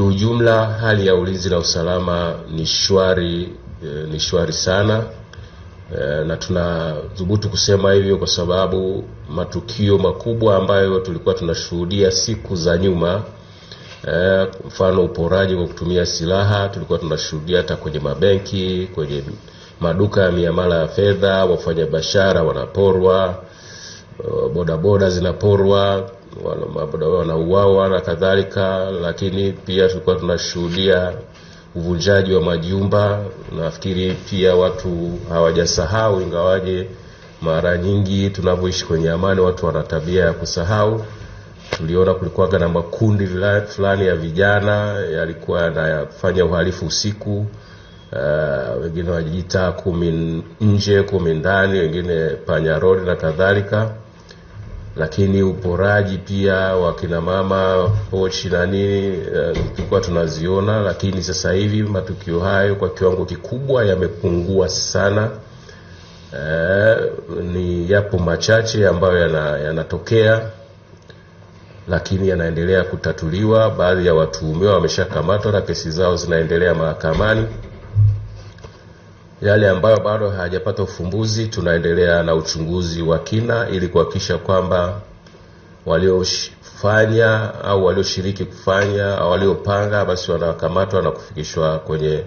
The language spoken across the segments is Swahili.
Kiujumla hali ya ulinzi na usalama ni shwari, e, ni shwari sana e, na tunathubutu kusema hivyo kwa sababu matukio makubwa ambayo tulikuwa tunashuhudia siku za nyuma e, mfano uporaji kwa kutumia silaha tulikuwa tunashuhudia hata kwenye mabenki, kwenye maduka ya miamala ya fedha, wafanyabiashara wanaporwa Eh, bodaboda zinaporwa, wanauawa na kadhalika. Lakini pia tulikuwa tunashuhudia uvunjaji wa majumba. Nafikiri pia watu hawajasahau, ingawaje mara nyingi tunavyoishi kwenye amani watu wana tabia ya kusahau. Tuliona kulikuwa na makundi fulani ya vijana yalikuwa yanafanya uhalifu usiku uh, wengine wajiita kumi nje kumi ndani, wengine panyaroli na kadhalika. Lakini uporaji pia wa kina mama pochi na nini eh, tulikuwa tunaziona, lakini sasa hivi matukio hayo kwa kiwango kikubwa yamepungua sana. Uh, ni yapo machache ambayo yanatokea yana lakini yanaendelea kutatuliwa. Baadhi ya watuhumiwa wameshakamatwa na kesi zao zinaendelea mahakamani. Yale ambayo bado hayajapata ufumbuzi, tunaendelea na uchunguzi wa kina ili kuhakikisha kwamba waliofanya au walioshiriki kufanya au waliopanga basi wanakamatwa na kufikishwa kwenye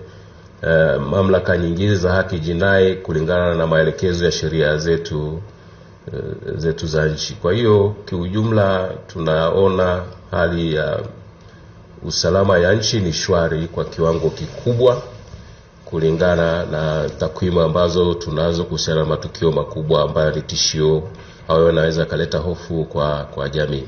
uh, mamlaka nyingine za haki jinai kulingana na maelekezo ya sheria zetu eh, zetu za nchi. Kwa hiyo kiujumla, tunaona hali ya usalama ya nchi ni shwari kwa kiwango kikubwa kulingana na takwimu ambazo tunazo kuhusiana na matukio makubwa ambayo ni tishio au yanaweza akaleta hofu kwa, kwa jamii.